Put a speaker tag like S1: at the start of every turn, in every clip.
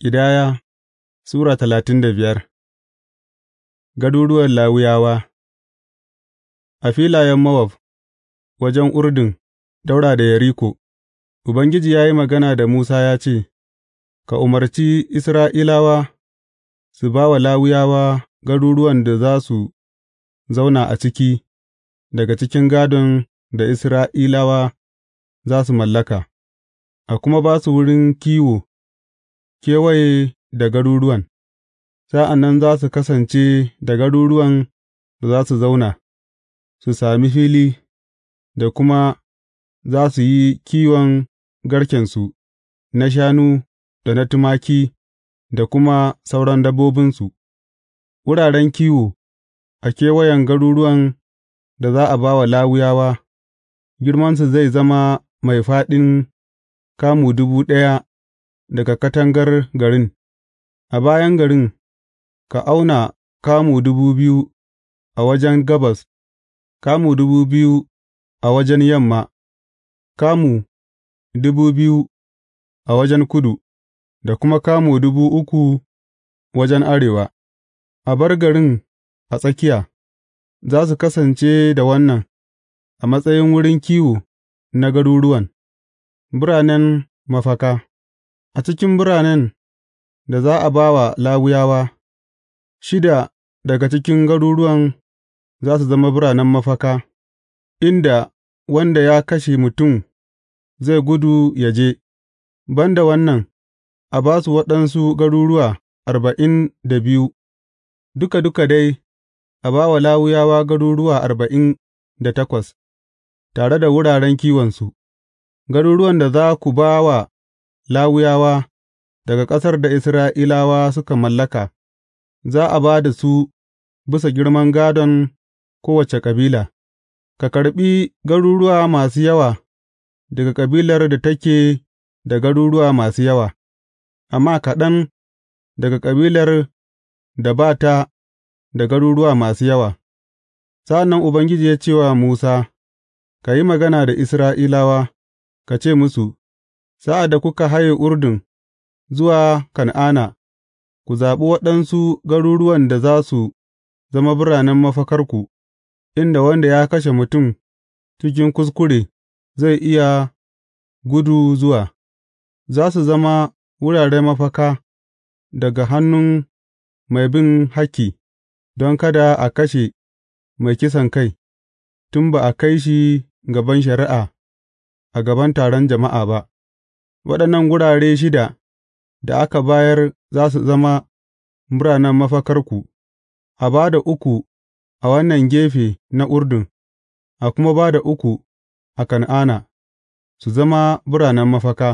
S1: Ƙidaya Sura talatin da biyar Garuruwan Lawiyawa A filayen Mowab, wajen Urdun, ɗaura da yariko. Ubangiji ya yi magana da Musa ya ce, Ka umarci Isra'ilawa su ba wa Lawiyawa garuruwan da za su zauna a ciki daga cikin gadon da Isra'ilawa za su mallaka, a kuma ba su wurin kiwo. kewaye da garuruwan, sa'an nan za su kasance da garuruwan da za su zauna, su sami fili, da kuma za su yi kiwon garkensu na shanu da na tumaki da kuma sauran dabbobinsu, wuraren kiwo a kewayen garuruwan da za a ba wa lawuyawa girmansu zai zama mai faɗin kamu dubu ɗaya daga katangar garin, a bayan garin, ka auna kamu dubu biyu a wajen gabas, kamu dubu biyu a wajen yamma, kamu dubu biyu a wajen kudu, da kuma kamu dubu uku wajen arewa, a bar garin a tsakiya, za su kasance da wannan a matsayin wurin kiwo na garuruwan, biranen mafaka. A cikin biranen da za a ba wa Lawiyawa, shida daga cikin garuruwan za su zama biranen mafaka, inda wanda ya kashe mutum zai gudu ya je, ban da wannan, a ba su waɗansu garuruwa arba'in da biyu, duka duka dai a ba wa Lawiyawa garuruwa arba'in da takwas, tare da wuraren kiwonsu, garuruwan da za ku ba wa Lawiyawa daga ƙasar da Isra'ilawa suka mallaka, za a ba da su bisa girman gādon kowace kabila, ka karɓi garuruwa masu yawa daga kabilar da take da garuruwa masu yawa, amma kaɗan daga kabilar da ba ta da garuruwa masu yawa. Sa'an nan Ubangiji ya ce wa Musa, Ka yi magana da Isra'ilawa, ka ce musu. Sa'ad da kuka haye Urdun zuwa Kan'ana, ku zaɓi waɗansu garuruwan da za su zama biranen mafakarku, inda wanda ya kashe mutum cikin kuskure zai iya gudu zuwa, za su zama wuraren mafaka daga hannun mai bin hakki, don kada a kashe mai kisan kai, tun ba a kai shi gaban shari'a a gaban taron jama'a ba. Waɗannan gurare shida da aka bayar za su zama biranen mafakarku, a ba da uku a wannan gefe na Urdun, a kuma ba da uku a Kan'ana, su zama biranen mafaka,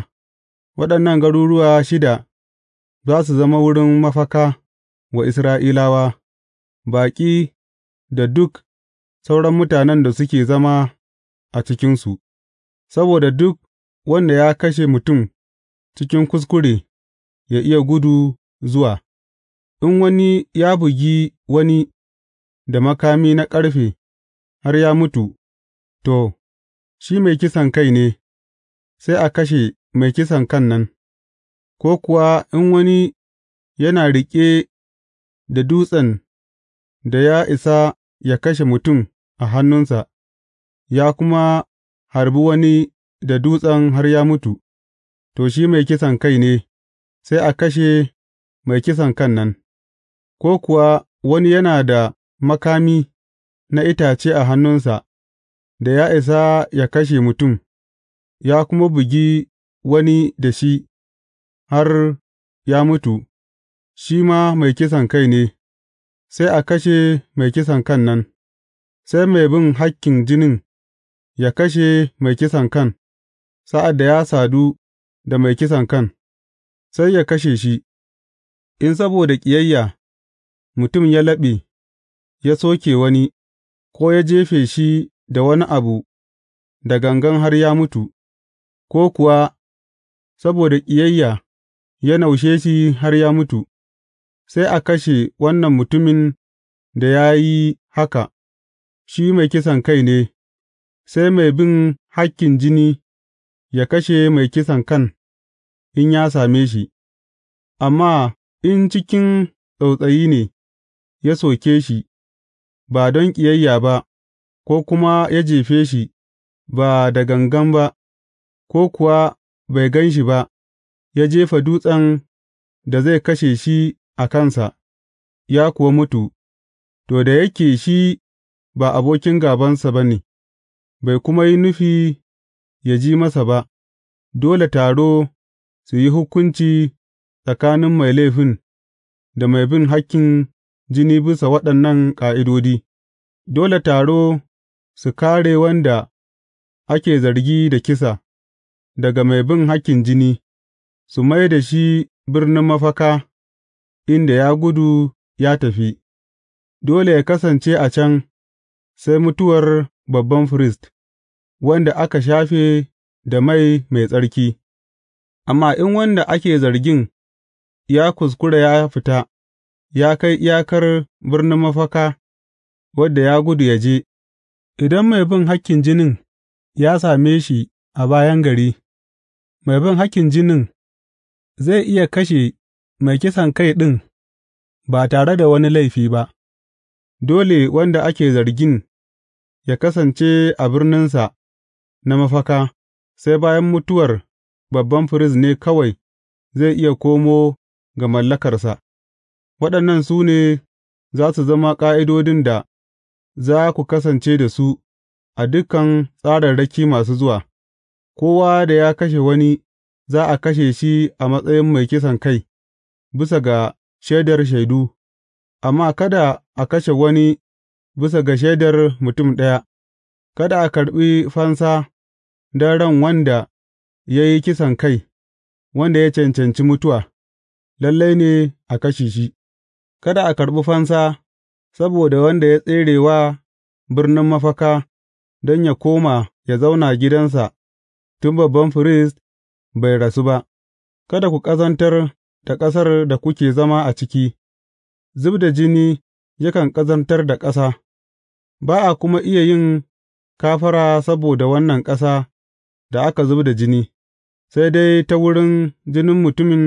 S1: waɗannan garuruwa shida za su zama wurin mafaka wa Isra'ilawa, baƙi da duk sauran mutanen da suke zama a cikinsu, saboda duk wanda ya kashe mutum cikin kuskure ya iya gudu zuwa, in wani ya bugi wani da makami na ƙarfe har ya mutu, to, shi mai kisan kai ne, sai a kashe mai kisan kan nan, ko kuwa in wani yana riƙe da dutsen da ya isa ya kashe mutum a hannunsa, ya kuma harbi wani da dutsen har ya mutu, to, shi mai kisankai ne, sai a kashe mai kisan kan nan, ko kuwa wani yana da makami na itace a hannunsa da ya isa ya kashe mutum, ya kuma bugi wani da shi har ya mutu, shi ma mai kisan kai ne, sai a kashe mai kisan kan nan, sai mai bin hakkin jinin ya kashe mai kisan kan. sa'ad da ya sadu da mai kisan kan, sai ya kashe shi, in saboda ƙiyayya mutum ya laɓe, ya soke wani, ko ya jefe shi da wani abu da gangan har ya mutu, ko kuwa saboda ƙiyayya ya naushe shi har ya mutu, sai a kashe wannan mutumin da ya yi haka, shi mai kisan kai ne, sai mai bin hakkin jini yă kashe mai kisan kan in ya same shi, amma in cikin tsautsayi ne ya soke shi, ba don ƙiyayya ba, ko kuma ya jefe shi ba da gangan ba, ko kuwa bai gan shi ba, ya jefa dutsen da zai kashe shi a kansa, ya kuwa mutu, to, da yake shi ba abokin gabansa ba ne, bai kuma yi nufi ya ji masa ba, dole taro su yi hukunci tsakanin mai laifin da mai bin hakkin jini bisa waɗannan ƙa'idodi, dole taro su kare wanda ake zargi da kisa daga mai bin hakkin jini, su mai da shi birnin mafaka inda ya gudu ya tafi, dole ya kasance a can sai mutuwar babban firist. wanda aka shafe da mai mai tsarki, amma in wanda ake zargin ya kuskura ya fita, ya kai iyakar birnin mafaka wadda ya gudu ya je, idan mai bin hakkin jinin ya same shi a bayan gari, mai bin hakkin jinin zai iya kashe mai kisan kai ɗin ba tare da wani laifi ba, dole wanda ake zargin ya kasance a birninsa na mafaka, sai bayan mutuwar babban firist ne kawai zai iya komo ga mallakarsa, waɗannan su ne za su zama ƙa'idodin da za ku kasance da su a dukan tsararraki masu zuwa, kowa da ya kashe wani za a kashe shi a matsayin mai kisan kai, bisa ga shaidar shaidu, amma kada a kashe wani bisa ga shaidar mutum ɗaya, kada a karɓi fansa don ran wanda ya yi kisankai, wanda ya cancanci mutuwa, lalle ne a kashe shi, kada a karɓi fansa saboda wanda ya tsere wa birnin mafaka don ya koma ya zauna gidansa tun babban firist bai rasu ba, kada ku ƙazantar da ƙasar da kuke zama a ciki, zub da jini yakan ƙazantar da ƙasa, ba a kuma iya yin kafara saboda wannan ƙasa da aka zub da jini, sai dai ta wurin jinin mutumin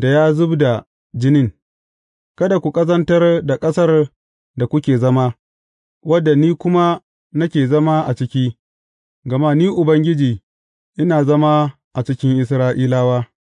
S1: da ya zub da jinin, kada ku ƙazantar da ƙasar da kuke zama, wadda ni kuma nake zama a ciki, gama Ni Ubangiji ina zama a cikin Isra'ilawa.